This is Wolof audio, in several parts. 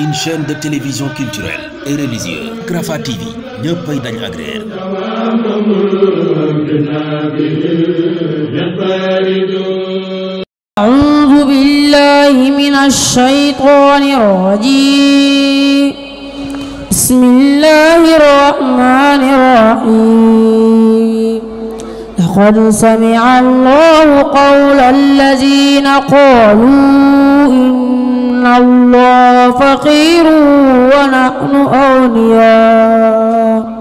une chaîne de télévision culturelle et religieuse. Rafah TV ñëppay dañ agréer. A'uuzu billahi minash shaytaanir rajiim. Bismillahir rahmaanir rahiim. Laqad sami'a Allahu qawla allaziina qaaluu أغنى الله فقير ونحن أغنياء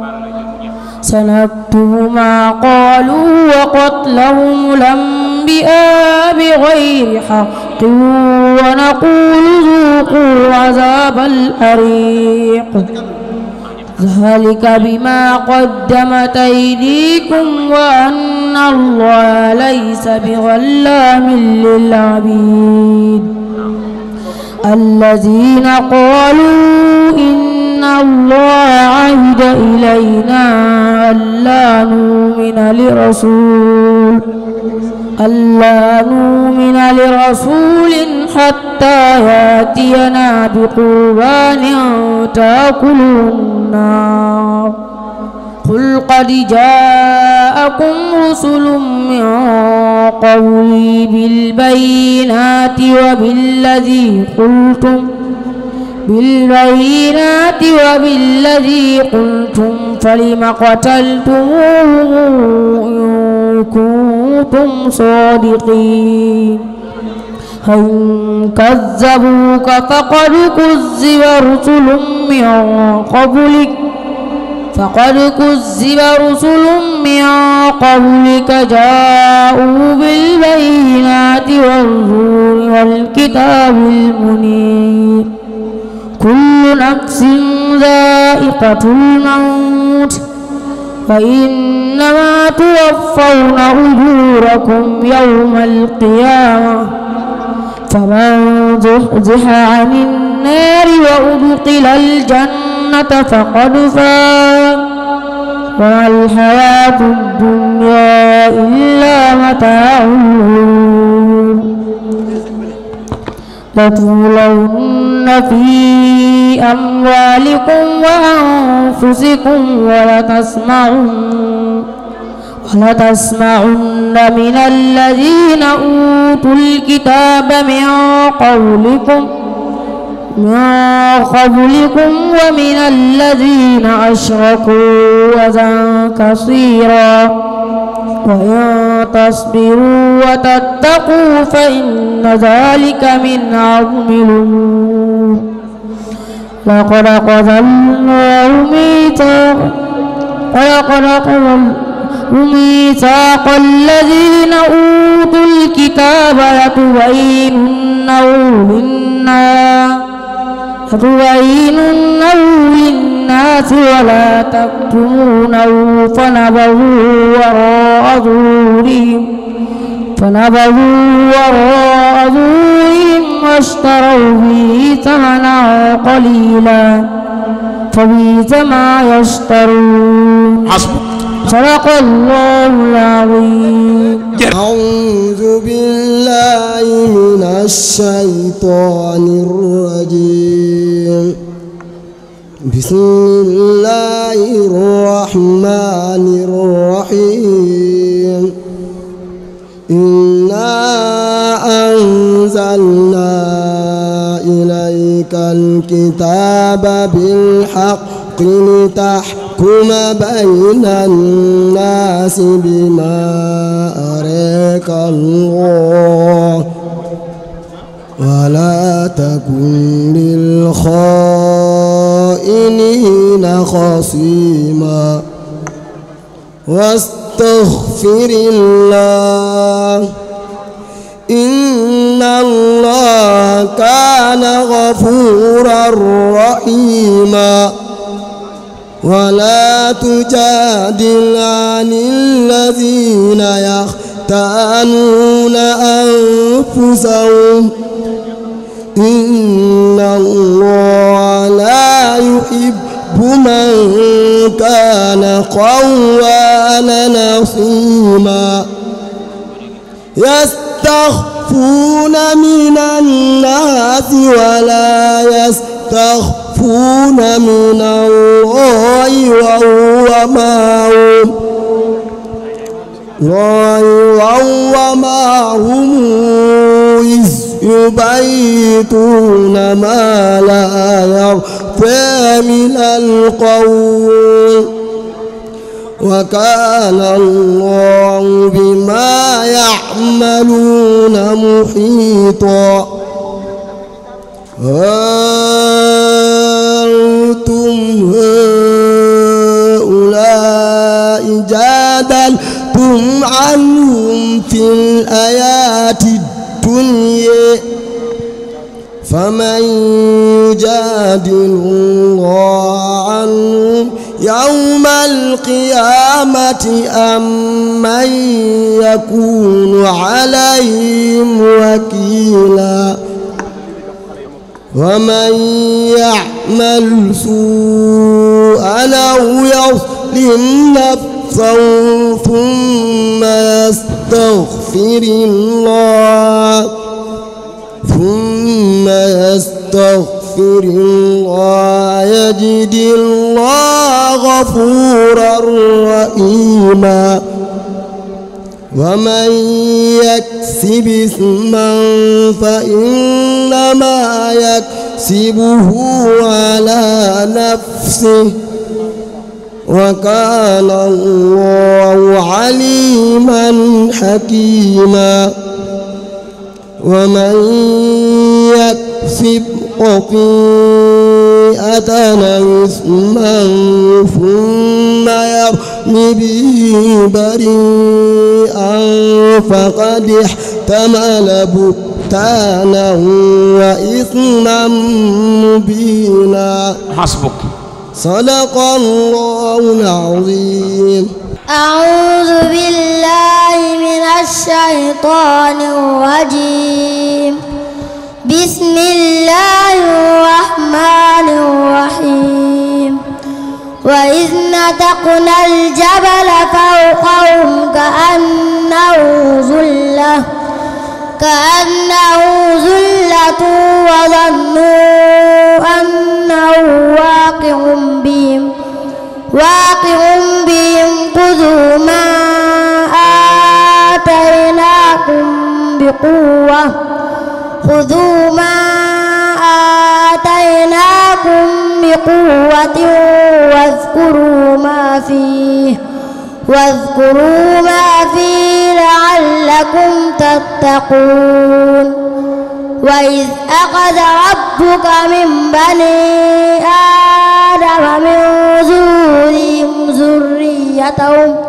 سنكتب ما قالوا وقتلهم الأنبياء بغير حق ونقول ذوقوا عذاب الحريق ذلك بما قدمت أيديكم وأن الله ليس بظلام للعبيد الذين قالوا إن الله عهد إلينا ألا نؤمن لرسول ألا نؤمن لرسول حتى يأتينا بقربان تأكل النار قل قد جاءكم رسل من قبلي بالبينات وبالذي قلتم بالبينات وبالذي قلتم فلم قتلتموهم إن كنتم صادقين فإن كذبوك فقد كذب رسل من قبلك فقد كذب رسل من قبلك جاءوا بالبينات والزور والكتاب المنير كل نفس ذائقة الموت فإنما توفون أجوركم يوم القيامة فمن زحزح عن النار وأدخل الجنة فقد فاز وما الحياة الدنيا إلا متاع لتبلون في أموالكم وأنفسكم ولتسمعن ولتسمعن من الذين أوتوا الكتاب من قولكم من قبلكم ومن الذين أشركوا أذى كثيرا وإن تصبروا وتتقوا فإن ذلك من عظم الأمور لقد أخذ الله ميثاق ولقد أخذ ميثاق الذين أوتوا الكتاب لتبيننه للناس تبيننه للناس ولا تكتمونه فنبذوا وراء ظهورهم فنبذوا وراء ظهورهم واشتروا به ثمنا قليلا فبئس ما يشترون صدق الله العظيم أعوذ بالله من الشيطان الرجيم بسم الله الرحمن الرحيم إنا أنزلنا إليك الكتاب بالحق لتحكم بين الناس بما أريك الله ولا تكن للخائنين خصيما واستغفر الله إن الله كان غفورا رحيما ولا تجادل عن الذين يختانون أنفسهم inna allaha la yuhibbu man kana qawwana nasima يستخفون من الناس ولا يستخفون من الله وهو معهم الله وهو معهم يبيتون ما لا يرضى من القول وكان الله بما يعملون محيطا أنتم هؤلاء جادلتم عنهم في الآيات الدنيا الدنيا فمن يجادل الله عنه يوم القيامة أم من يكون عليهم وكيلا ومن يعمل سوءا أو يظلم نفسه خمسا ثم يستغفر الله ثم يستغفر الله يجد الله غفورا رحيما ومن يكسب اسما فإنما يكسبه على نفسه وكان الله عليما حكيما ومن يكسب خطيئة أو إثما ثم يرم به بريئا فقد احتمل بهتانا وإثما مبينا حسبك صدق الله العظيم أعوذ بالله من الشيطان الرجيم بسم الله الرحمن الرحيم وإذ نتقنا الجبل فوقهم كأنه ظلة كأنه ظلة وظنوا بقوة خذوا ما آتيناكم بقوة واذكروا ما فيه واذكروا ما فيه لعلكم تتقون وإذ أخذ ربك من بني آدم من زورهم ذريتهم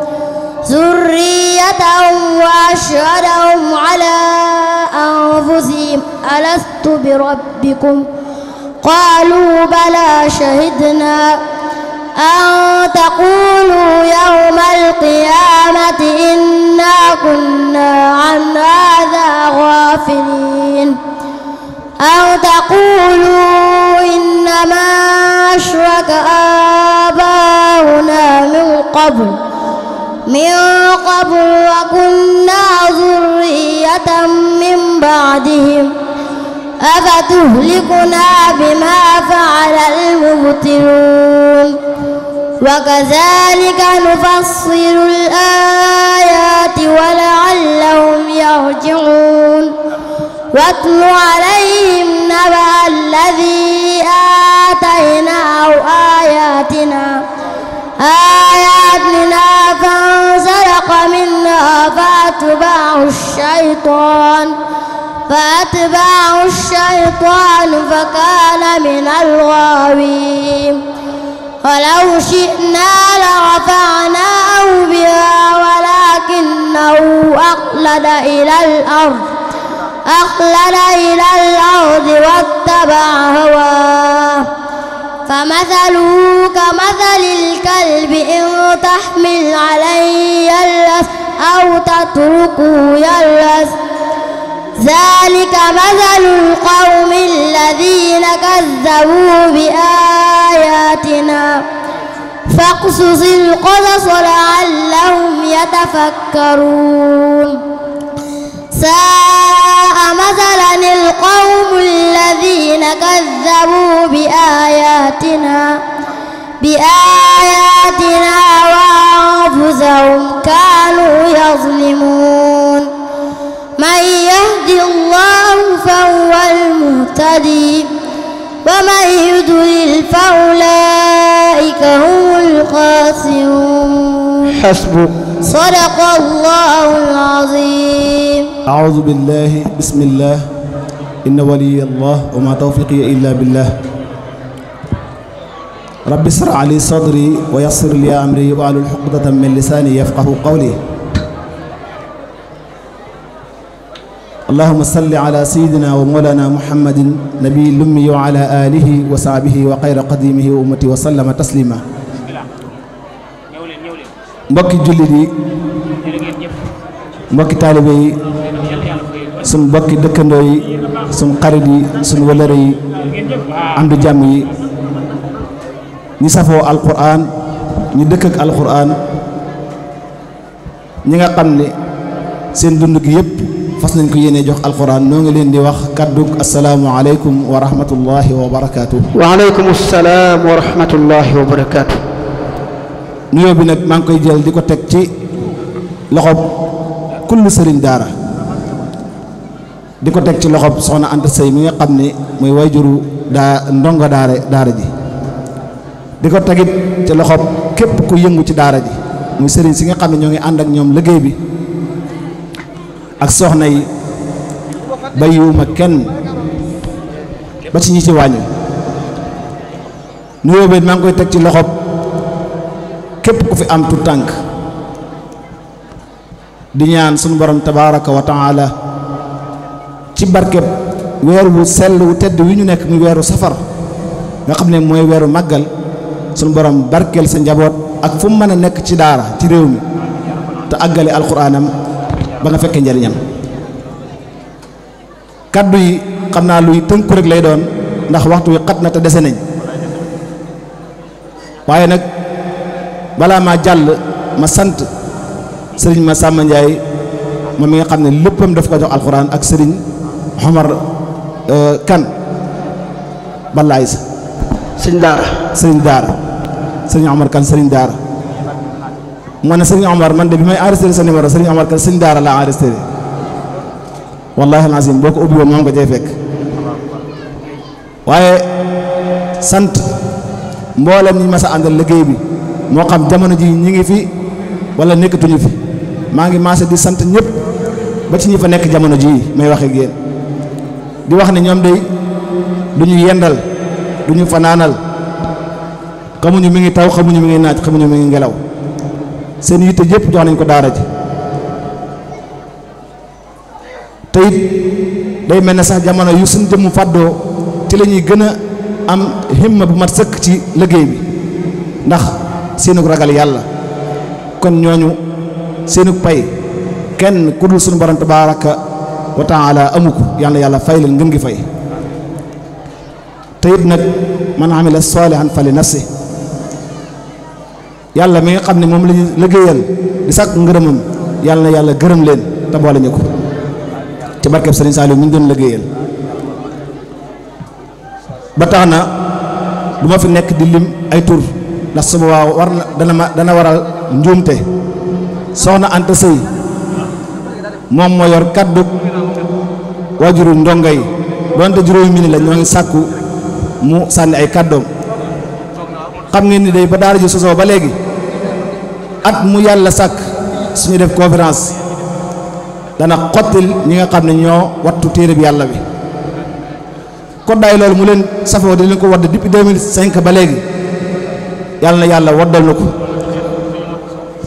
ذريتهم وأشهدهم على أنفسهم ألست بربكم قالوا بلى شهدنا أن تقولوا يوم القيامة إنا كنا عن هذا غافلين أو تقولوا إنما أشرك آباؤنا من قبل من قبل وكنا ذرية من بعدهم أفتهلكنا بما فعل المبطلون وكذلك نفصل الآيات ولعلهم يرجعون واتل عليهم نبأ الذي آتيناه آياتنا آياتنا فانسلخ منها فأتبعه الشيطان فأتبعه الشيطان فكان من الغاوين ولو شئنا لرفعناه بها ولكنه أخلد إلى الأرض أخلد إلى الأرض واتبع هواه فمثله كمثل الكلب إن تحمل عليه يلهث أو تتركه يلهث ذلك مثل القوم الذين كذبوا بآياتنا فاقصص القصص لعلهم يتفكرون ساء مثلا القوم الذين كذبوا بآياتنا بآياتنا وأنفسهم كانوا يظلمون من يهد الله فهو المهتدي ومن يضلل فأولئك هم الخاسرون حسبك صدق الله العظيم أعوذ بالله بسم الله إن ولي الله وما توفيقي إلا بالله رب اشرح لي صدري ويسر لي أمري واحلل عقدة من لساني يفقه قولي اللهم صل على سيدنا ومولانا محمد نبي الأمي وعلى آله وصحبه وخير قديمه وأمته وسلم تسليما mbokki jullit yi mbokki taalibe yi suñ bokki dëkkandoo yi suñ xarit yi suñ wëlëre yi am yi ñi safoo alquran ñi dëkk ak ñi nga xam seen dund gi fas nañ ko yéene jox alquran noo ngi leen di wax kàddu asalaamu aleykum wa rahmatullahi wa bi nag maa ngi koy jël di ko teg ci loxob kullu sëriñ daara. di ko teg ci loxob soxna Anta Sey mi nga xam ne muy way wayjuru daa ndongo daara daara ji di ko tegit ci loxob képp ku yëngu ci daara ji muy sëriñ si nga xam ne ñoo ngi ànd ak ñoom liggéey bi ak soxna yi bàyyiwuma kenn ba ci ñi ci wàññi nuyoo bi maa ngi koy teg ci loxob képp ku fi am tu tànk di ñaan sunu borom tabaaraka wa ci barkeb weer wu sell wu tedd wi ñu nekk muy weeru safar nga xam ne mooy weeru màggal suñu borom barkeel sa njaboot ak fu mu mën a nekk ci daara ci réew mi te àggale alxuraanam ba nga fekkee njariñam kàddu yi xam naa luy tënku rek lay doon ndax waxtu wi xat na te dese nañ waaye nag balaa ma jàll ma sant sëriñ ma sàmm Ndiaye moom mi nga xam ne léppam daf ko jox alxuraan ak sëriñ Euh, Omar kan Balla Aïssa. sëñ Daara. sëñ Daara sëñ Omar kan sëñ Daara moo ne sëñ Omar man de bi may enregistré sa numéro sëñ Omar kan sëñ Daara laa enregistré wallaahi alazim boo ko ubbi woon moom ko cay fekk waaye sant mboolem ñi mas a àndal liggéey bi moo xam jamono ji ñi ngi fi wala nekkatuñu fi maa ngi maase di sant ñëpp ba ci ñi fa nekk jamono jii may wax ak di wax ne ñoom day du ñu yendal du ñu fanaanal xamuñu mi ngi taw xamuñu mi ngi naaj xamuñu mi ngi ngelaw seen yitte yëpp jox nañ ko daara ji te day mel ne sax jamono yu suñ jëmm fàddoo ci la ñuy gën a am himma bu mat sëkk ci liggéey bi ndax seenug ragal yàlla kon ñooñu seenug pay kenn ku dul suñu borom tabaaraka wa taala amu ko yàlla yàlla fay leen ngeen ngi fay te nag man amila saalihan fali nafsi yàlla mi nga xam ne moom la ñu liggéeyal di sàkk ngërëmam yàlla na yàlla gërëm leen te boole ko ci barkeb Sëriñ Saliou mu ñu doon liggéeyal ba tax na du fi nekk di lim ay tur ndax suba waaw war na dana dana waral njuumte soxna Anta Sëy moom moo yor kaddu waajuru ndongo yi donte juróomi minit la ñoo ngi sàkku mu sànni ay kaddoom xam ngeen ni day ba daara ji sosoo ba léegi at mu yàlla sàkk suñu def conférence dana xottil ñi nga xam ne ñoo wattu téere bi yàlla bi koddaay loolu mu leen safoo di leen ko wadd depuis 2005 ba léegi yàlla na yàlla waddal na ko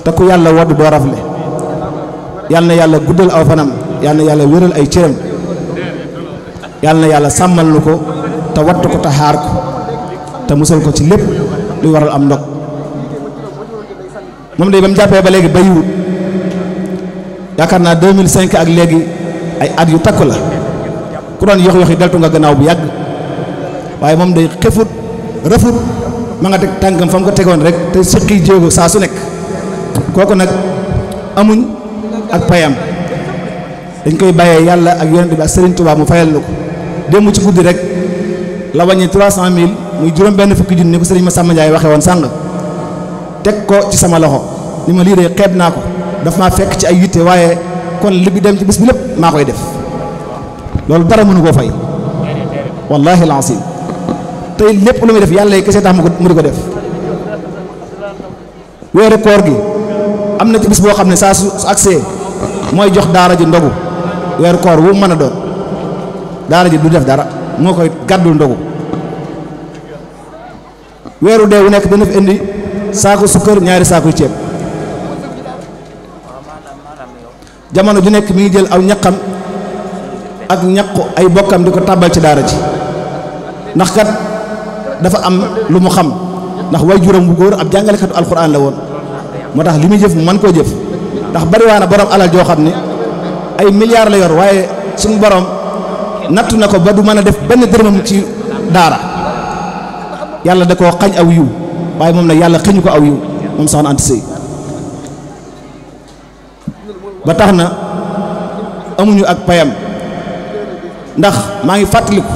te ku yàlla wadd doo rafle yal na yàlla guddal aw fanaam yal yàlla wéral ay cëram yàlla na yàlla sàmmal nu ko te wattu ko te xaar ko te musal ko ci lépp luy waral am ndog moom de ba mu jàppee ba léegi bayiwut yaakaar naa 2005 ak léegi ay at yu takku la ku doon yox yox yi deltu nga gannaaw bu yàgg waaye moom day xefut rëfut ma nga teg tànkam fa mu ko tegoon rek te sëqi jéego saa su nekk kooku nag amuñ ak payam dañ koy bàyyee yàlla ak yonent bi ak Serigne Touba mu fayal la ko démb ci guddi rek la wàññi trois cent mille muy juróom benn fukki junni ni ko Serigne Massamba Ndiaye waxee woon sàng teg ko ci sama loxo li ma lii de xeeb naa ko daf maa fekk ci ay yitte waaye kon li bi dem ci bis bi lépp maa koy def loolu dara mënu koo fay wallaahi alazim tey lépp lu muy def yàlla yi kese tax mu ko mu di ko def weeru koor gi am na ci bis boo xam ne saa su accès mooy jox daara ji ndogu weeru koor wu mën a doon daara ji du def dara moo koy gàddul ndogu weeru dee wu nekk dana fi indi saako kër ñaari saako ceeb jamono ju nekk mi ngi jël aw ñaqam ak ñaqu ay bokkam di ko tàbbal ci daara ji ndax kat dafa am lu mu xam ndax way juróom bu góor ab jàngalekatu alxuraan la woon moo tax li muy jëf mu mën koo jëf ndax bariwaa na borom alal joo xam ne ay milliards la yor waaye suñu borom nattu na ko ba du mën a def benn dërëmam ci daara yàlla da koo xañ aw yiw waaye moom na yàlla xëñu ko aw yiw moom soxna tax na amuñu ak payam ndax maa ngi fàttaliku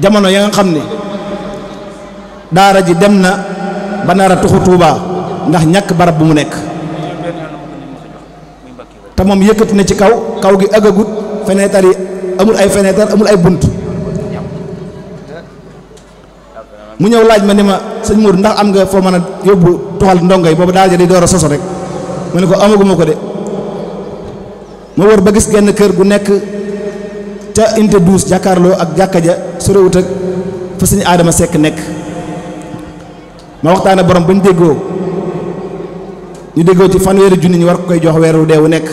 jamono ya nga xam ne daara ji dem na ba nar a tuxu Tuubaa ndax ñàkk barab bu mu nekk te moom yëkkati na ci kaw kaw gi agagut fenêtre yi amul ay fenêtre amul ay bunt mu ñëw laaj ma ni ma sëñ Mour ndax am nga foo mën a yóbbu toxal ndongo yi boobu daal di door a soso rek ma ne ko amaguma ko de ma wër ba gis genn kër gu nekk ca unité 12 jàkkaarloo ak jàkka ja sorewut ak fa sëñ Adama Seck nekk ma waxtaane borom ba ñu déggoo ñu déggoo ci fanweeri junni ñu war ko koy jox weer wu dee wu nekk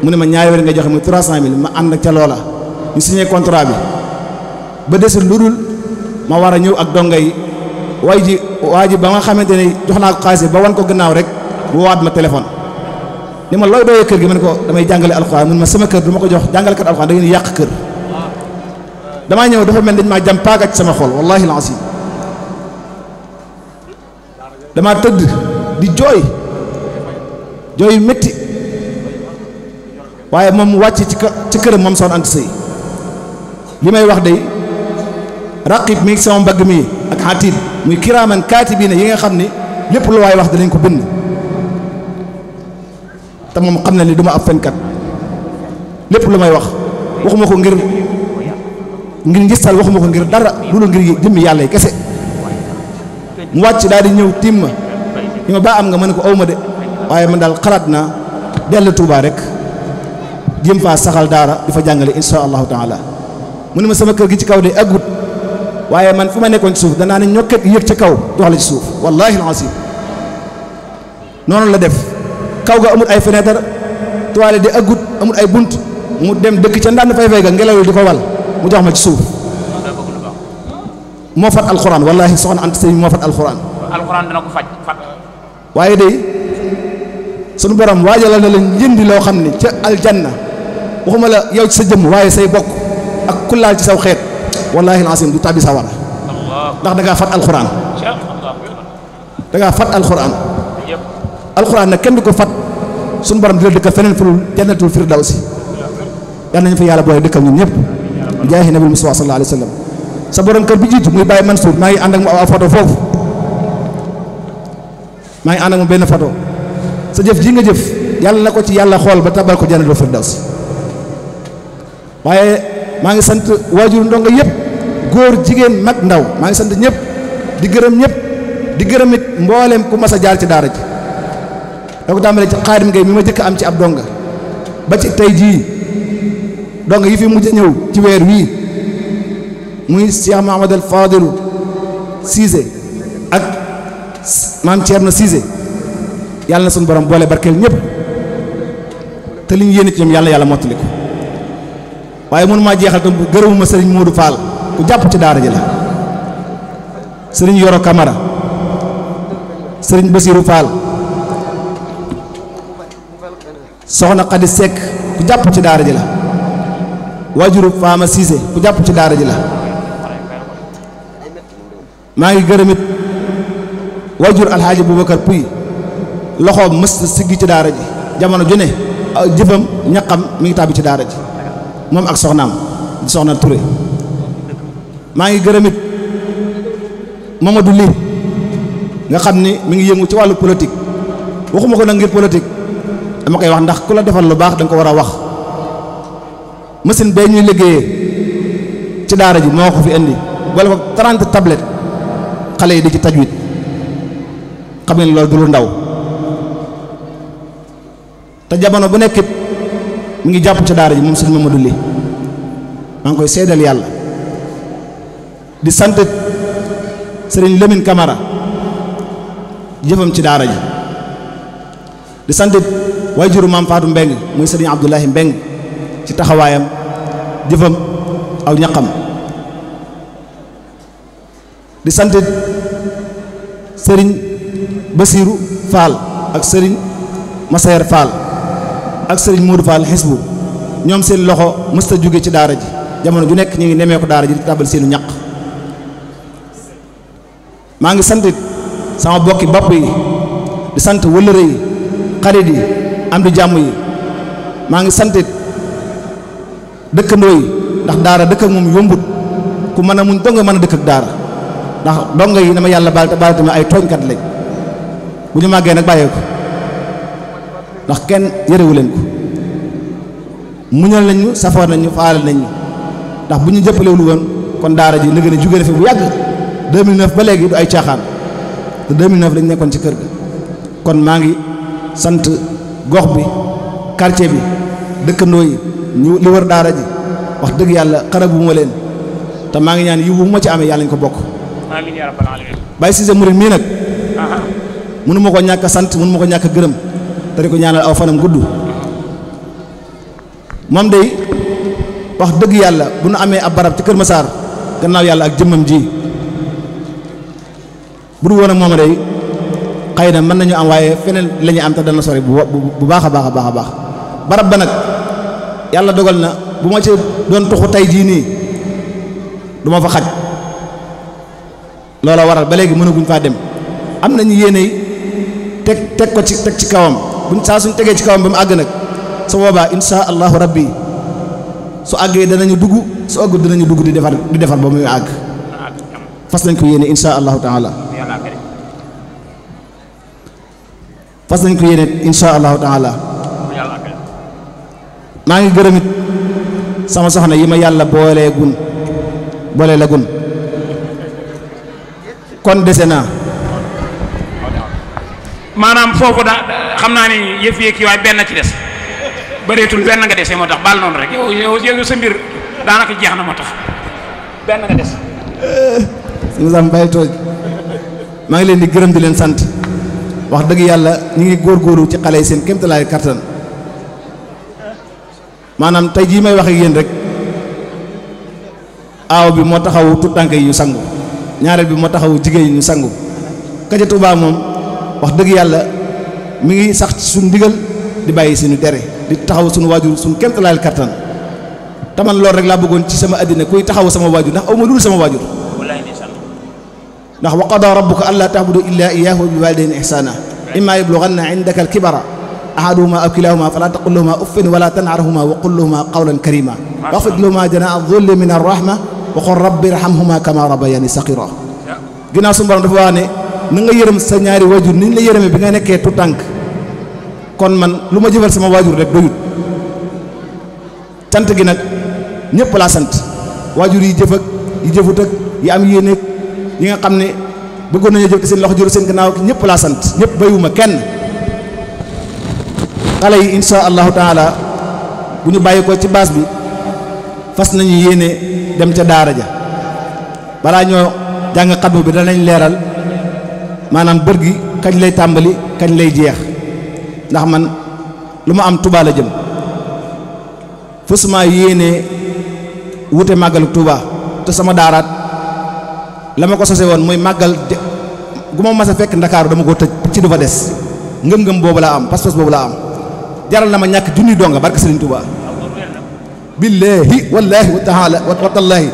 mu ne ma ñaari weer nga joxe mu 300000 ma ànd ak ca loola ñu signé contrat bi ba desul lu dul ma war a ñëw ak dongo yi way ji waa ji ba nga xamante ne jox naa ko xaalis ba wan ko gannaaw rek bu waat ma téléphone ni ma looy doyee kër gi ma ne ko damay jàngale alxuraan mun ma sama kër du ma ko jox jàngalekat alxuraan da ngeen yàq kër damaa ñëw dafa mel dañ maa jam paaga ci sama xol wallahi alazim damaa tëdd di jooyu metti waaye moom mu wàcc ci ci këram moom soxna Anta Sëy li may wax day raqib mi sama mbagg mi ak xatiib muy kiraaman kaatibiina yi nga xam ni lépp lu waay wax danañ ko bind te moom xam na ni duma ab fenkat lépp lu may wax waxuma ko ngir ngir ngistal waxuma ko ngir dara loolu ngir jëmmi yàlla yi kese mu wàcc daal di ñëw tiim ma ñu ma baa am nga mën ko aw ma de waaye man daal xalaat na dell tuubaa rek jëm faa saxal daara di fa jàngale insha allahu taala mu ne ma sama kër gi ci kaw de aggut waaye man fu ma nekkoon ci suuf danaa ne ñokket yëg ci kaw dox la ci suuf wallahi alazim noonu la def kaw ga amul ay fenêtre toile di agut amul ay bunt mu dem dëkk ca ndànd fay fay ga ngelaw di ko wal mu jox ma ci suuf moo fat alxuraan wallahi soxna Anta Sëy moo fat alxuraan waaye de sunu borom waajalal na leen njëndi loo xam ne ca aljanna waxuma la yow ci sa jëmm waaye say bokk ak kullaal ci saw xeet wallaahi alazim du tàbbi sawara ndax da fat alxuraan dangaa ngaa fat alxuraan alxuraan nag kenn du ko fat sunu borom di la dëkkal feneen furul jannatul firdawsi yal nañu fa yàlla boole dëkkal ñun ñëpp jaahi nabil mustafa sallallahu alayhi sa borom kër bi jiitu muy Baye Mansour maa ngi ànd ak mu aw photo foofu maa ngi ànd mu benn photo sa jëf ji nga jëf yàlla na ko ci yàlla xool ba tabal ko jannatul firdaws waaye maa ngi sant waajur ndongo yëpp góor jigéen mag ndaw maa ngi sant ñëpp di gërëm ñëpp di gërëm it mboolem ku mas a jaar ci daara ji da ci xaadim ngay mi ma jëkk am ci ab donga ba ci tey jii donga yi fi mujj ñëw ci weer wii muy Cheikh Mahamadou Fadilou siise ak maam na Cissé yàlla na suñu borom boole barkeel ñëpp te li ñu yéene ci ñoom yàlla yàlla mottali ko waaye mënu maa jeexal tam gërëmuma sëriñ Modou Fall ku jàpp ci daara ji la sëriñ Yoro kamara sëriñ Basirou Fall soxna Khady Seck ku jàpp ci daara ji la waajuru Fama Cissé ku jàpp ci daara ji la maa ngi gërëmit waajur Alxaaji Boubacar Puy loxoom mës siggi ci daara ji jamono ju ne ah, jëfam ñaqam mi ngi tàbbi ci daara ji moom ak soxnaam di soxna Touré maa ngi gërëm it Mamadou Ly nga xam ni mi ngi yëngu ci wàllu politique waxuma ko nag ngir politique dama koy wax ndax ku la defal lu baax da ko war a wax machine bee ñuy liggéeyee ci daara ji moo ko fi indi boole ko 30 tablettes xale yi di ci taj wit xam ngeen loolu du ndaw. te jamono bu nekk mu ngi jàpp ci daara ji moom sëñ Mamadou Ly maa ngi koy seedal yàlla di sant sëriñ lemin kamara jëfam ci daara ji di sant waajuru maam Faatu Mbeng muy sëriñ Abdoulahi Mbeng ci taxawaayam jëfam aw ñaqam di sant sëriñ Basiiru Faal ak sëriñ Masayer Faal ak sëriñ Modou Fall xisbu ñoom seen loxo mësta jóge ci daara ji jamono ju nekk ñu ngi nemee ko daara ji di tàbbal seenu ñaq maa ngi santit sama bokki bopp yi di sant wëllëre yi xarit yi am di jàmm yi maa ngi santit dëkkandoo yi ndax daara dëkk ak moom yombut ku mën a muñ donga mën a dëkk ak daara ndax donga yi dama yàlla baal te baal tamit ay tooñkat lañ bu ñu màggee nag bàyyee ndax kenn yërewu leen ko muñal nañ ñu safoo nañ ñu faale nañ ndax bu ñu jëppalewul woon kon daara ji na gën a jugee na fi bu yàgg 2009 ba léegi du ay caaxaan te lañ nekkoon ci kër ga kon maa ngi sant gox bi quartier bi dëkkandoo yi ñu li wër daara ji wax dëgg yàlla xarab bu ma leen te maa ngi ñaan yiw bu ma ci amee yàlla ñu ko bokk. amiin si sa aalamiin. mii nag. mënu ma ko ñàkk sant mënu ma ko ñàkk a gërëm. te di ko ñaanal aw fanam gudd moom day wax dëgg yàlla bu nu amee ab barab ci Kër Massar gannaaw yàlla ak jëmmam ji bu dul woon moom day xëy na mën nañu am waaye feneen la ñu am te dana sori bu bu baax a baax a baax a barab ba nag yàlla dogal na bu ma ci doon tuxu tey jii nii duma ma fa xaj loola waral ba léegi mënaguñ faa dem am nañu yéene teg teg ko ci teg ci kawam buñ saa suñ tegee ci kawam ba mu àgg nag su boobaa insha allahu rabbi su àggee danañu dugg su àggul danañu dugg di defar di defar ba muy àgg fas nañ ko yéene insha allahu taala fas nañ ko yéene insha allahu maa ngi gërëm it sama soxna yi ma yàlla boolee gun boole la gun kon dese naa maanaam foofu da xam naa ni yëf yëg yi waaye benn ci des bareetul benn nga desee moo tax baal noonu rek yow yow sa mbir daanaka jeex na moo tax benn nga maa ngi leen di gërëm di leen sant wax dëgg yàlla ñu ngi góor góoru ci xale yi seen kéemtalaay kattan maanaam tey jii may wax ak rek aaw bi moo taxawu tuttànk yi ñu sangu ñaareel bi moo taxawu jigéen yi ñu sangu kaja Tuubaa moom. wax dëgg yàlla mi ngi sax ci suñu ndigal di bàyyi suñu dere di taxaw suñu waajur suñu kéemtalaayal kattan taman loolu rek laa bëggoon ci sama àddina kuy taxaw sama waajur ndax aw ma sama waajur ndax wa qada rabbuka allaa ta'budu illaa iyyaahu wa bil waalidayni ihsaana immaa yablughanna indaka al-kibara ahaduhumaa aw kilaahumaa falaa taqul lahumaa uffin walaa tanharhumaa wa qul lahumaa qawlan kariimaa waxfid lahumaa janaaha zulli min ar wa qul rabbi irhamhumaa kamaa rabbayaani saghiira ginnaaw suñu borom na nga yërëm sa ñaari waajur ni ñu la yërëmee bi nga nekkee tu tànk kon man lu ma jëfal sama waajur rek doyut cant gi nag ñëpp laa sant waajur yi jëf ak yi jëfut ak yi am yéene ak yi nga xam ne bëggoon nañu jëf seen loxo juru seen gannaaw ak ñëpp laa sant ñëpp bayuma kenn xale yi insha allahu taala bu ñu bàyyi ko ci baas bi fas nañu yéene dem ca daara ja balaa ñoo jàng xatmu bi danañ leeral maanaam bër gi kañ lay tàmbali kañ lay jeex ndax man lu ma am Touba la jëm fësuma yéenee wute màggalu Touba te sama daaraat la ma ko sose woon muy màggal gu ma mas a fekk ndakaaru dama ko tëj ci du fa des ngëm-ngëm boobu laa am pas-pas boobu laa am jaral na ma ñàkk junni donga barke Sëriñ Touba billaahi wallaahi wa taala wa tallaahi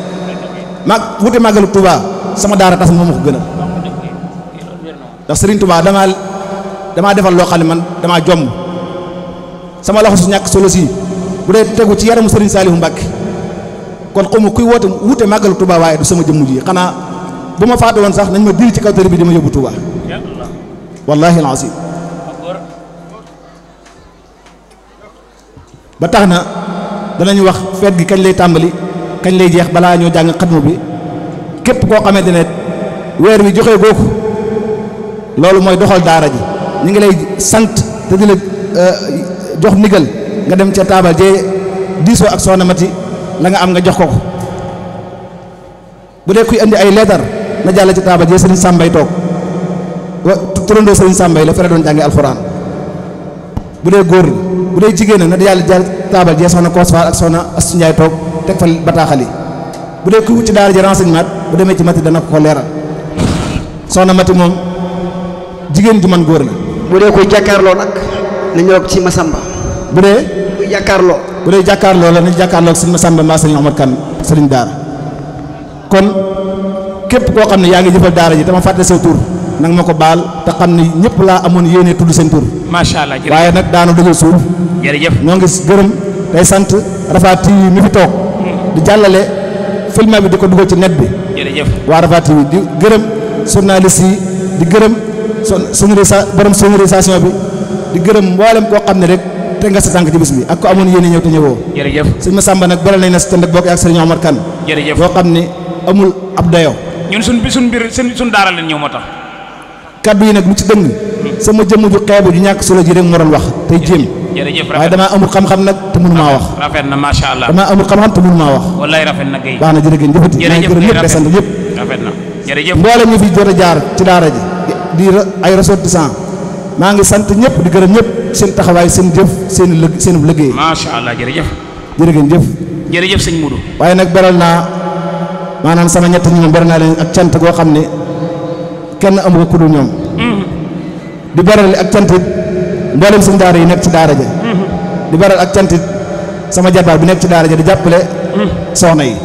ma wute màggalu Touba sama daara tas moom ma ko gënal ndax Serigne Touba damaa damaa defal loo xam man damaa jomm sama loxo su ñàkk solo si bu dee tegu ci yaramu Serigne Saliou Mbacke kon xaw ma kuy woote wuute màggalu Touba waaye du sama jëmm ji xanaa bu ma faatu woon sax nañ ma diri ci kaw bi di ma yóbbu Touba wallaahi alazim ba tax na danañ wax fet gi kañ lay tàmbali kañ lay jeex balaa ñoo jàng xatmu bi képp koo xamante ne weer wi joxe googu. loolu mooy doxal daara ji ñu ngi lay sant te di euh, jox ndigal nga dem ca taabal jee diisoo ak soxna Mati la nga am nga jox ko ko bu dee kuy andi ay leetar na jàll ci taabal jee Serigne Sambay toog wa turandoo Serigne la fere doon jànge alxuraan bu dee góor bu dee jigéen na yàlla jàll taabal jee soxna Koos Faal ak soxna Astu Njaay toog teg fa bataaxal yi bu dee ku wut ci daara ji renseignement bu demee ci Mati dana ko ko leeral soxna Mati moom. jigéen ju man góor la. bu dee koy jàkkaarloo nag nañu wax ci Masamba. bu dee. kuy jàkkaarloo. bu dee jàkkaarloo la nañu jàkkaarloo ak sëñ Masamba mbaa sëñ Omar Kan sëriñ daara kon képp koo xam ne yaa ngi jëfal daara ji dama fàtte sa tur nag ma ko baal te xam ne ñëpp laa amoon yéene tudd seen tur. macha allah jërëjëf waaye nag daanu dëgër suuf. jërëjëf ñoo ngi gërëm day sant Rafah TV mi fi toog. di jàllale film bi di ko dugal ci net bi. jërëjëf waa Rafah TV di gërëm journaliste yi di gërëm sonorisation borom sonorisation bi di gërëm mboolem koo xam ne rek te nga sa tànk ci bis bi ak ko amoon yéene ñëw te ñëwoo. jërëjëf sëñ Massamba nag bëri nañ na si tënd bokk ak sëriñ Omar Kane. jërëjëf boo xam ne amul ab dayoo. ñun yi nag lu ci dëng. Hmm. sama jëmm ju xeebu ju ñàkk solo rek moo wax tey jéem. waaye damaa amul xam-xam nag te mënu maa wax. na macha allah damaa amul xam-xam te mënu maa wax. wallaay rafet na Guèye. baax na jërëjëf jëfati. jërëjëf jërëjëf ñëpp de mboolem ñu fi jot a jaar ci daara ji di ay ressortissants maa ngi sant ñëpp di gërëm ñëpp seen taxawaay seen jëf seen lë seen bu liggéey. macha allah jërëjëf. jërëgeen jëf. jërëjëf sëñ Modou. waaye nag beral naa maanaam sama ñett ñi moom naa leen ak cant goo xam ne kenn amu ko ku dul ñoom. Mm-hmm. di beral ak cant it mboolem suñu daara yi nekk ci daara ja mm-hmm. di beral ak cant sama jabar bi nekk ci daara ja di jàppale mm-hmm. soxna yi.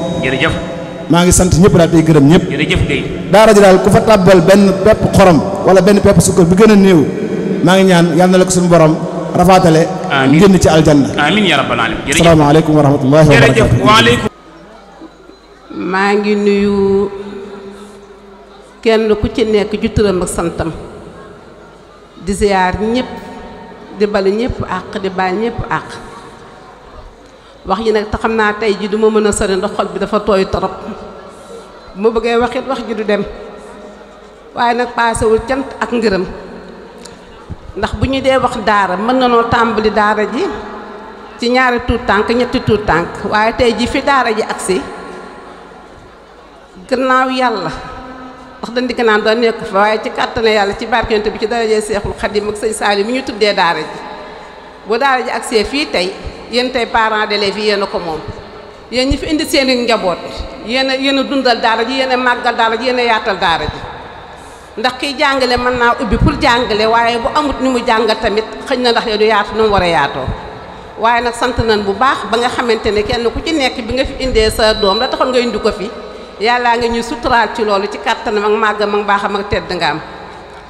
maa ngi sant ñëpp daal di gërëm ñëpp daara ji daal ku fa tàbbal benn pepp xorom wala benn pepp sukkar bi gën a néew maa ngi ñaan yàlla na ko suñu borom rafaatale génn ci aljanna amiin yaa rabbal aalamiin asalaamaaleykum maa ngi nuyu kenn ku ci nekk ju turam ak santam di ziyaar ñëpp di bal ñëpp àq di baal ñëpp àq wax yi nag te naa tey ji duma mën a sori ndax xol bi dafa tooy torop bu ma bëggee wax it wax ji du dem waaye nag paasewul cant ak ngërëm ndax bu ñu dee wax daara mën na noo tàmbali daara ji ci ñaari tuut tànk ñetti tuut tànk waaye tey ji fi daara ji agsi gannaaw yàlla ndax dañ di gannaan doo nekk fa waaye ci kàttane yàlla ci barkante bi ci darajee seexul xadim ak sëñ saali mi ñu tuddee daara ji bu daara ji agsee fii tey yéen tey parents d'élèves yi yéen ko moom yéen ñi fi indi seen i njaboot yéen a yéen a dundal daara ji yéen a màggal daara ji yéen a yaatal daara ji ndax kiy jàngale mën naa ubbi pour jàngale waaye bu amut ni mu jàngal tamit xëñ na ndax ya du yaatu ni war a yaatoo waaye nag sant nan bu baax ba nga xamante ne kenn ku ci nekk bi nga fi indee sa doom la taxoon nga indi ko fi yàllaa nga ñuy suturaal ci loolu ci kattanam ak màggam ak baaxam ak tedd nga am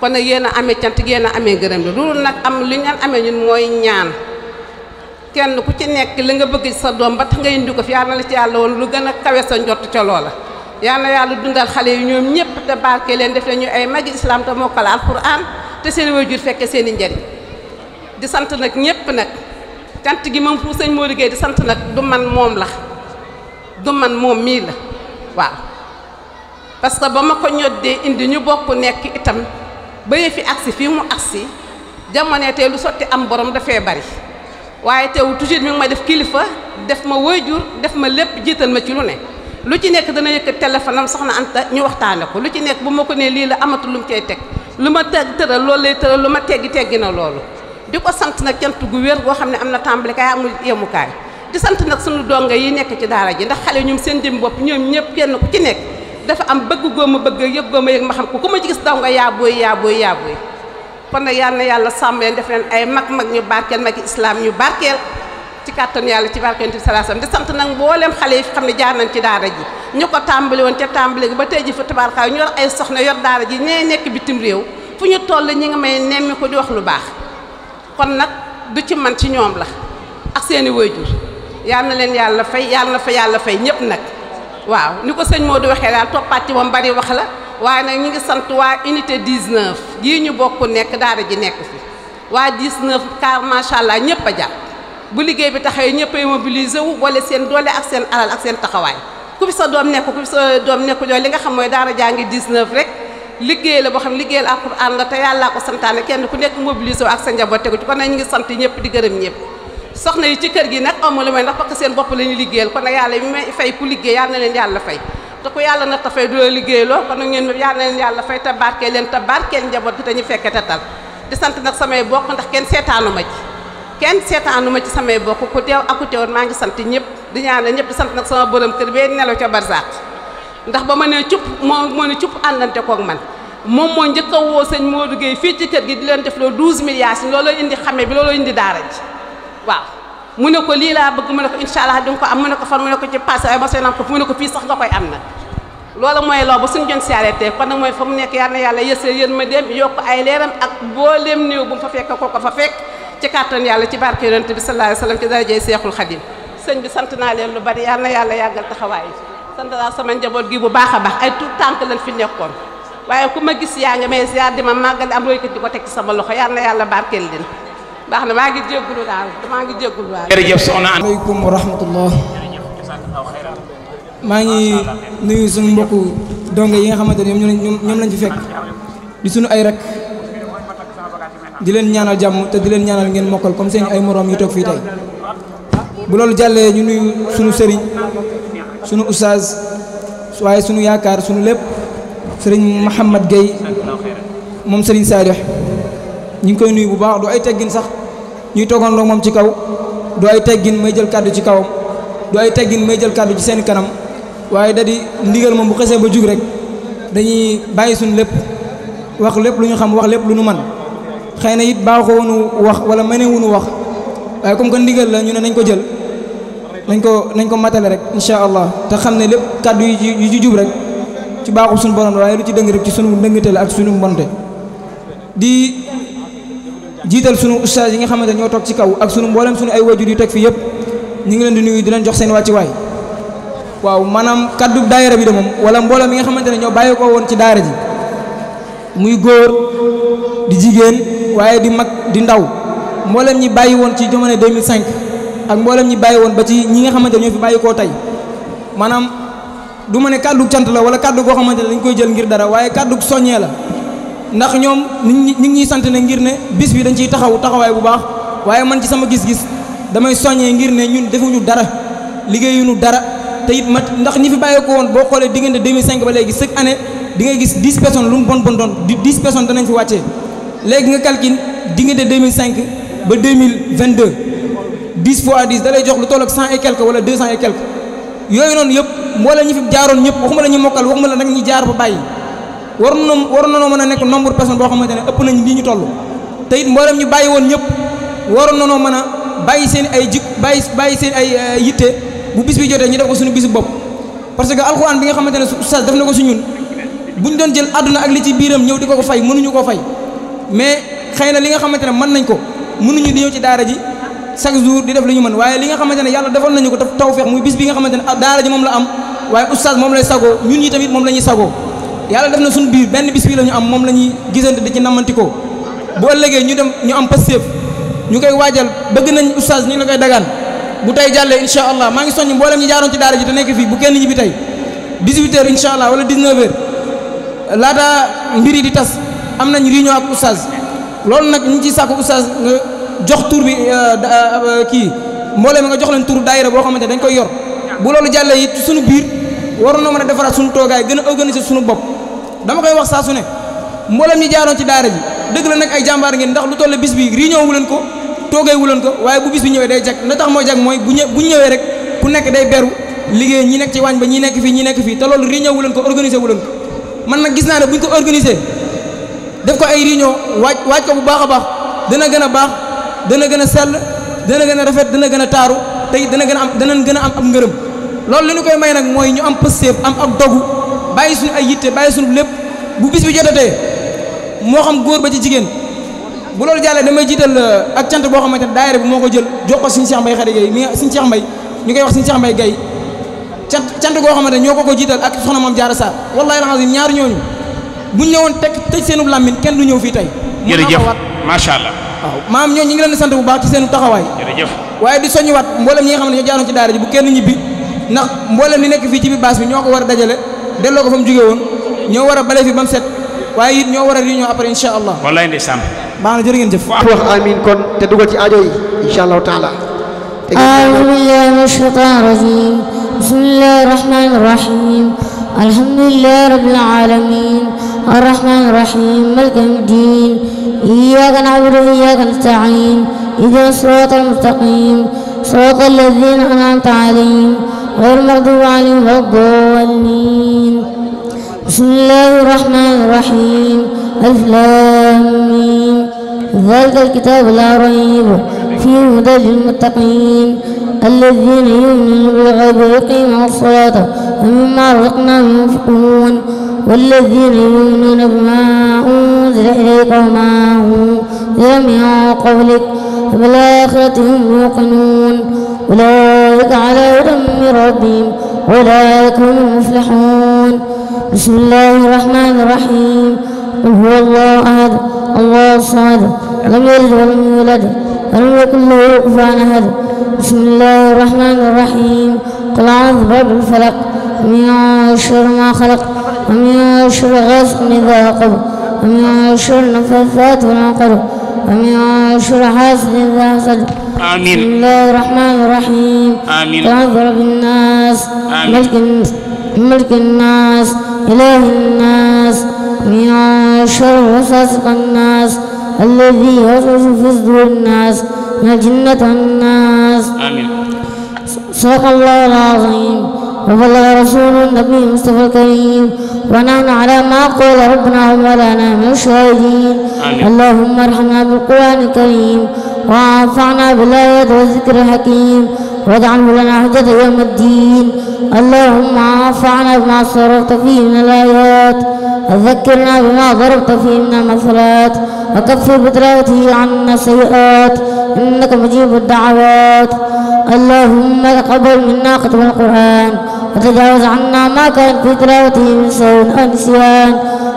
kon nag yéen a cant yéen a amee gërëm li loolu nag am li ngeen ñun mooy ñaan kenn ku ci nekk li nga bëgg sa doom ba tax nga indi ko fi yal na la ci yàlla woon lu gën a kawe sa njott ca loola yal na yàlla dundal xale yi ñoom ñëpp te barke leen def leen ñu ay magi islam te mokkal alquran te seen waajur fekke seeni i njariñ di sant nag ñëpp nag cant gi moom fu sañ moo liggéey di sant nag du man moom la du moom mii la waaw parce que ba ma ko ñoddee indi ñu bokk nekk itam ba yëfi agsi fii mu agsi jamono tey lu sotti am borom dafee bari waaye teew toujours mi ngi ma def kilifa def ma waajur def ma lépp jiital ma ci lu ne lu ci nekk dana yëkkat téléphone am soxna Anta ñu waxtaane ko lu ci nekk bu ma ko nee lii la amatul lu mu cee teg lu ma teg tëral loolu lay tëral lu ma teggi teggi na loolu di ko sant nag cant gu wér goo xam ne am na tàmbalikaay amul yemukaay di sant nag sunu donga yi nekk ci daara ji ndax xale ñoom seen dim bopp ñoom ñëpp kenn ku ci nekk dafa am bëgg goo ma bëgg yëg goo ma ma xam ko ku ma ci gis daw nga yaabooy yaabooy yaabooy kon nag yal na yàlla sàmm leen def leen ay mag-mag ñu barkeel magi islam ñu barkeel ci kàttan yàlla ci barkeel ci salaasam di sant nag mboolem xale yi xam ne jaar nañ ci daara ji ñu ko tàmbali woon ca tàmbali gi ba tey ji fa tabarka ñu yor ay soxna yor daara ji ñee nekk bitim réew fu ñu toll ñu nga may nemmi ko di wax lu baax kon nag du ci man ci ñoom la ak seen i waajur na leen yàlla fay yàlla na fa yàlla fay ñëpp nag waaw ni ko sëñ Modou waxee daal toppaat ci moom bari wax la waaye nag ñu ngi sant waa unité 19 yii ñu bokk nekk daara ji nekk fi waa 19 car macha allah ñëpp a jàpp bu liggéey bi taxawee ñëpp a mobiliser wu boole seen doole ak seen alal ak seen taxawaay ku fi sa doom nekk ku fi sa doom nekk ñoo li nga xam mooy daara jaa ngi 19 rek liggéey la boo xam liggéeyal alxuraan la te yàllaa ko santaane kenn ku nekk mobiliser wu ak sa njaboot tegu ci kon nag ñu ngi sant ñëpp di gërëm ñëpp. soxna yi ci kër gi nag amul lu may ndax parce seen bopp la ñu liggéeyal kon nag yàlla mi may fay ku liggéey yàlla na leen yàlla fay te ku yàlla na ta fay du la liggéeyloo kon na leen yàlla fay te barkeel leen te barkeel njaboot gi te ñu fekke te tal di sant nag samay bokk ndax kenn seetaanu ma ci kenn seetaanu ma ci samay bokk ku teew ku teewul maa ngi sant ñëpp di ñaanal ñëpp di sant nag sama borom kër bee nelaw ca ndax ba ma nee moo moo ne cupp man moom moo njëkk a woo sëñ Modou Guèye gi di leen def loo 12 milliards looloo indi xame bi looloo indi daara ji waaw mu ne ko lii laa bëgg mu ne ko incha ko am mu ne ko fan mu ne ko ci a ko mu ne ko fii sax nga koy am nag. loolu mooy loo ba suñu jën si arrêté kon nag mooy fa mu nekk yal na yàlla yësee yéen ma dem yokk ay leeram ak mboolem néew bu mu fekk ko ko fa fekk ci kàttan yàlla ci barke yonent bi sallallahu alayhi wa sallam ci darajay Seexul Xadim sëñ sant naa leen lu bari yal na yàlla yàggal taxawaay sant naa sama njaboot gi bu baax a baax ay tout tànk lañ fi nekkoon waaye ku a gis yaa ngi may ziar di ma màggal am looy ko di ko teg ci sama loxo yal na yàlla barkeel leen baax na maa ngi jégalu daal maa ngi jégalu daal. ngi nuyu suñu mbokku yi nga xamante ne ñoom ñoom lañ fi fekk suñu ay rek di leen ñaanal jàmm di leen ñaanal ngeen mokkal comme seen ay moroom yu toog fii tey bu loolu jàllee ñu nuyu suñu sëriñ suñu ustaaz waaye suñu yaakaar suñu lépp sëriñ Mouhamad Gueye moom sëriñ Saalix ñu ngi koy nuyu bu baax du ay teggin sax ñuy toogandoo moom ci kaw du ay teggin may jël kàddu ci kawam du ay teggin may jël kàddu ci seen kanam waaye da di ndigal moom bu xesee ba jug rek dañuy bàyyi suñ lépp wax lépp lu ñu xam wax lépp lu ñu man xëy na it baaxoo nu wax wala mënewunu wax waaye comme que ndigal la ñu ne nañ ko jël nañ ko nañ ko matale rek incha allah te xam ne lépp kàddu yu ci jub rek ci baaxu suñu borom waaye lu ci dëng rek ci sunu ak sunu mbonte di jiital sunu ustaas yi nga xamante ñoo toog ci kaw ak sunu mboolem sunu ay wajur yu teg fi yëpp ñu ngi leen di nuyu di leen jox seen wàccuwaay waaw maanaam kaddu daayira bi de moom wala mboolem yi nga xamante ne ñoo bàyyi ko woon ci muy góor jigéen waaye di mag di ndaw mboolem ñi bàyyi woon ci jamono 2005 ak mboolem ñi bàyyi woon ba ci ñi nga xamante ne ñoo fi koo tey manaam du ma ne kaddu cant la wala kaddu goo xamante ne dañ koy jël ngir dara waaye kàddu soññee la. ndax ñoom ñi ngi ñi sant ne ngir ne bis bi dañ ciy taxaw taxawaay bu baax waaye man ci sama gis-gis damay soññee ngir ne ñun defuñu dara liggéeyuñu dara te it mat ndax ñi fi bàyyeekoo woon boo xoolee diggante 2005 ba léegi chaque année di nga gis 10 personnes lu mu bon bon doon di 10 personnes danañ fi wàccee léegi nga calcule diggante 2005 ba 2022 10 fois 10 da lay jox lu toll ak 100 et quelque wala 200 et quelque yooyu noonu yëpp mboolem ñi fi jaaroon ñëpp waxuma la ñu mokkal waxuma la nag ñi jaar ba bàyyi. war nañoo war nañoo mën a nekk nombre personne boo xamante ne ëpp nañ lii ñu toll te it mboolem ñu bàyyi woon ñëpp waroon nañoo mën a bàyyi seen ay jik bàyyi bàyyi seen ay yitte bu bis bi jotee ñu def ko suñu bisu bopp parce que bi nga xamante ne oustaz na ko si ñun buñ doon jël àdduna ak li ci biiram ñëw di ko ko fay mënuñu koo fay mais xëy na li nga xamante ne mën nañ ko mënuñu di ñëw ci daara ji chaque jour di def li ñu mën waaye li nga xamante ne yàlla defal nañu ko tawfeex muy bis bi nga xamante ne daara ji moom la am waaye oustaz moom lay sagoo ñun ñi tamit moom la ñuy sagoo yàlla def na suñu biir benn bis bii la am moom la ñuy gisante di ci namantikoo bu ëllëgee ñu dem ñu am pastéef ñu koy waajal bëgg nañ oustaz ñu la koy dagaan bu tey jàllee incha allah maa ngi soññ mboolem ñi jaaroon ci daara ji te nekk fii bu kenn ñibbi tey 18 heures incha allah wala 19 heures laata mbir yi di tas am nañ réunion ak oustaz loolu nag ñu ci ciy sàkku oustaz nga jox tur bi euh, euh, kii mboolem nga jox leen tur daayira boo xamante dañ koy yor loolu jàllee it suñu biir waroon na mën a defaraat suñu toogaay gën a suñu bopp dama koy wax saa su ne mboolem ñi jaaroon ci daare ji dëgg la nag ay jàmbaar ngeen ndax lu toll bis bi réunion wu leen ko toogee wu leen ko waaye bu bis bi ñëwee day jag la tax moo jag mooy bu ñë bu ñëwee rek ku nekk day beru liggéey ñi nekk ci waañ ba ñi nekk fii ñi nekk fii te loolu réunion wu leen ko organisé wu leen ko man nag gis naa ne bu ñu ko organisé def ko ay réunion waaj waaj ko bu baax a baax dana gën a baax dana gën a sell dana gën a rafet dana gën a taaru tey dana gën a am dana gën a am ab loolu li ñu koy may nag mooy ñu am pësteef am ab dogu bàyyi suñu ay yitte bàyyi suñu lépp bu bis bi jotatee moo xam góor ba ci jigéen bu loolu jàllee damay jiital euh, ak cant boo xamante ne daayira bi moo ko jël jox ko suñu Cheikh Mbaye Khady Gueye mi suñu wax suñu Cheikh Mbaye Gueye cant cant goo xamante ne ñoo ko ko jiital ak soxna Mame Diarra Sarr wallahi alazim ñaari ñooñu bu ñu ñëwoon teg tëj seenub làmmiñ kenn du ñëw fii tey jërëjëf macha allah waaw maam ñooñu ñu ngi leen di sant bu baax ci seenu taxawaay jërëjëf waaye di soññiwaat mboolem ñi nga xam ne ñoo jaaroon ci daara ji bu kenn ñibbi ndax mboolem li nekk fii ci ko war a dajale delloo ko fa mu jóge woon ñoo war a bale fi ba mu set waaye it ñoo war a réunion après incha allah. wallaay ndeysaan. baax na jërë ngeen jëf. wax amin kon te dugal ci aajo yi incha allahu taala. أعوذ بالله من الشيطان الرجيم بسم الله الرحمن الرحيم الحمد لله رب العالمين الرحمن الرحيم ملك الدين إياك نعبد وإياك نستعين إذا الصراط المستقيم صراط الذين أنعمت عليهم غير المغضوب عليهم ولا الضالين بسم الله الرحمن الرحيم ألف لام ذلك الكتاب لا ريب فيه هدى للمتقين الذين يؤمنون بالغيب ويقيمون الصلاة ومما رزقناهم ينفقون والذين يؤمنون بما أنزل إليك وما أنزل من قبلك وبالآخرة هم يوقنون أولئك على هدى من ربهم وأولئك هم المفلحون بسم الله الرحمن الرحيم قل هو الله أحد الله الصمد لم يلد ولم يولد ولم يكن له كفوا أحد بسم الله الرحمن الرحيم قل أعوذ برب الفلق من شر ما خلق ومن شر غاسق إذا وقب ومن شر النفاثات والعقد ومن شر حاسد إذا حسد آمين بسم الله الرحمن الرحيم آمين قل أعوذ برب الناس آمين ملك الناس إله الناس من شر وسوسة الناس الذي يوسوس في صدور الناس من الجنة والناس آمين صدق الله العظيم وبلغ رسول النبي المصطفى الكريم ونحن على ما قال ربنا ومولانا من الشاهدين اللهم ارحمنا بالقرآن الكريم وانفعنا بالآيات والذكر الحكيم واجعله لنا هجة يوم الدين اللهم عافنا بما صرفت فيه من الآيات وذكرنا بما ضربت فيه من المثلات وكفر بتلاوته عنا سيئات إنك مجيب الدعوات اللهم تقبل منا ختم القرآن وتجاوز عنا ما كان في تلاوته من سوء أو نسيان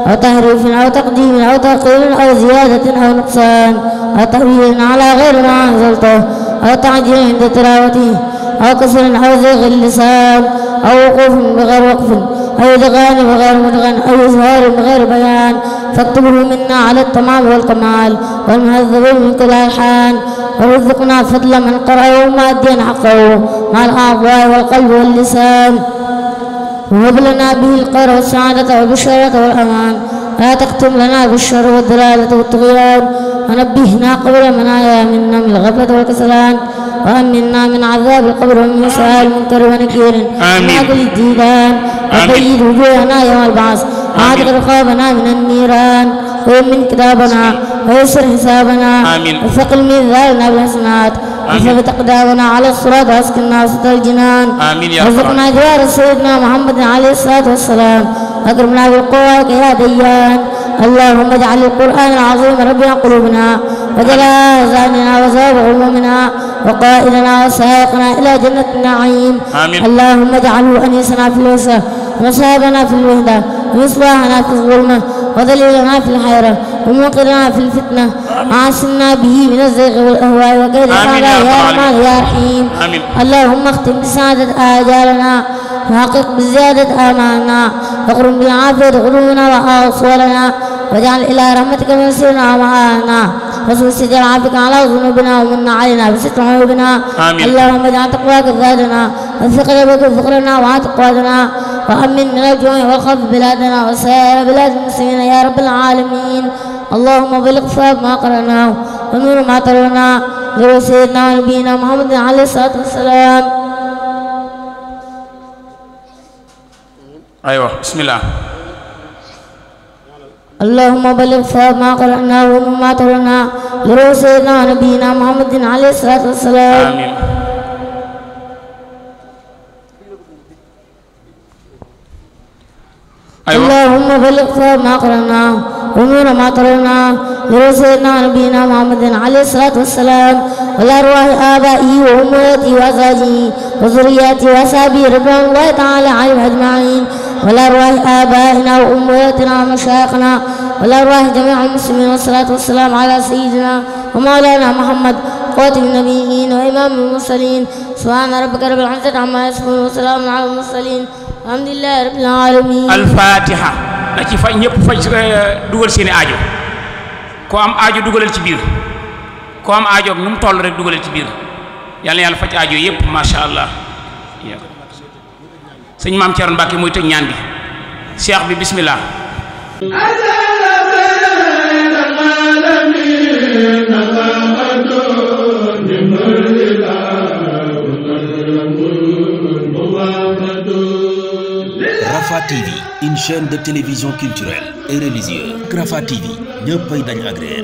أو تحريف أو تقديم أو تقليل أو زيادة أو نقصان أو تأويل على غير ما أنزلته أو تعجيل عند تلاوته أو كسر أو زيغ اللسان أو وقوف بغير وقف أو إدغام بغير مدغن أو إظهار بغير بيان فاكتبه منا على التمام والكمال والمهذبين من كل الحان ورزقنا فضل من قرأه ماديا حقه مع الأعضاء والقلب واللسان وهب لنا به القر والسعادة والبشرة والأمان لا تختم لنا بالشر والضلالة والطغيان ونبهنا قبل منايا منا من الغفلة والكسلان وأمنا من عذاب القبر ومن سؤال المنكر ونكير آمين كل الديدان وبيد وجوهنا يوم البعث وعاتق رقابنا من النيران ويمن كتابنا ويسر حسابنا آمين وثقل ميزاننا بالحسنات وثبت أقدامنا على الصراط وأسكننا وسط الجنان آمين يا رب وارزقنا جوار سيدنا محمد عليه الصلاة والسلام أكرمنا بالقوة والقيادة ديان اللهم اجعل القرآن العظيم ربنا قلوبنا وجل أذاننا وزاب غمومنا وقائدنا وسائقنا إلى جنة النعيم آمين. اللهم اجعله أنيسنا في الوسع وشابنا في الوحدة ومصباحنا في الظلمة وذليلنا في الحيرة وموقرنا في الفتنة عاصمنا به من الزيغ والأهواء وكيد الأعداء يا رحمن يا رحيم آمين. اللهم اختم بسعادة آجالنا وحقق بزيادة آمالنا واقرم بالعافية قلوبنا وأصوالنا واجعل إلى رحمتك مسيرنا ومعانا وسوس سجل عافيك على ذنوبنا ومن علينا بستر عيوبنا اللهم اجعل تقواك ذاتنا وثقل بك فقرنا وعتقواتنا وأمن من الجوع والخوف بلادنا وسائر بلاد المسلمين يا رب العالمين اللهم بلغ ثواب ما قرأناه ونور ما ترنا نور سيدنا ونبينا محمد عليه الصلاة والسلام aywa bismillah اللهم بلغ ثواب ما قرأنا وما ترنا لرو سيدنا نبينا محمد عليه الصلاة والسلام آمين أيوة. اللهم بلغ ثواب ما قرأنا وما ما ترنا لرو سيدنا نبينا محمد عليه الصلاة والسلام والأرواح آبائي وأمهاتي وأزواجي وذرياتي وأصحابي رضوان الله تعالى عليهم أجمعين ولأرواح آبائنا وأمهاتنا ومشايخنا ولأرواح جميع المسلمين والصلاة والسلام على سيدنا ومولانا محمد خاتم النبيين وإمام المرسلين سبحان ربك رب العزة عما يصفون وسلام على المرسلين الحمد لله رب العالمين الفاتحة na ci faj ñëpp faj dugal seeni aajo ku am aajo dugalal ci biir ku am aajo nu mu toll rek dugalal ci biir yàlla yàlla faj aajo yëpp macha allah sëñ maam Thierno Mbacke muy tëj ñaan gi cheikh bi bismillah Rafah TV une chaîne de télévision culturelle et religieuse Rafah TV ñëppay dañ agréer